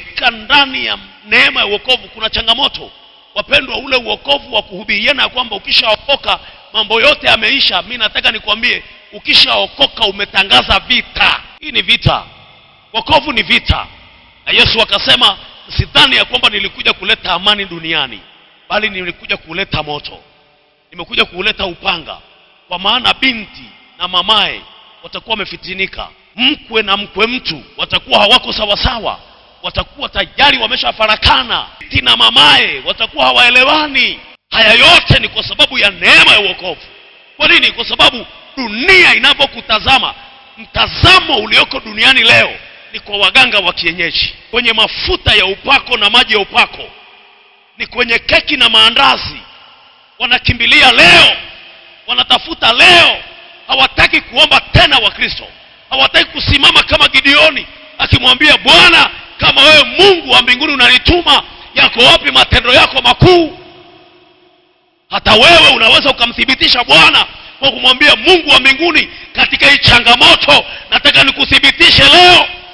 kufika ndani ya neema ya uokovu kuna changamoto wapendwa, ule uokovu wa kuhubiriana ya kwamba ukishaokoka mambo yote yameisha. Mi nataka nikwambie, ukishaokoka umetangaza vita. Hii ni vita, wokovu ni vita. Na Yesu akasema, sidhani ya kwamba nilikuja kuleta amani duniani, bali nilikuja kuleta moto, nimekuja kuleta upanga, kwa maana binti na mamaye watakuwa wamefitinika, mkwe na mkwe mtu watakuwa hawako sawasawa watakuwa tayari wameshafarakana, tina na watakuwa hawaelewani. Haya yote ni kwa sababu ya neema ya uokovu. Kwa nini? Kwa sababu dunia inavyokutazama, mtazamo ulioko duniani leo ni kwa waganga wa kienyeji, kwenye mafuta ya upako na maji ya upako, ni kwenye keki na maandazi. Wanakimbilia leo, wanatafuta leo, hawataki kuomba tena. Wakristo hawataki kusimama kama Gideoni akimwambia Bwana kama wewe Mungu wa mbinguni unanituma, yako wapi matendo yako makuu? Hata wewe unaweza ukamthibitisha Bwana kwa kumwambia Mungu wa mbinguni, katika hii changamoto nataka nikuthibitishe leo.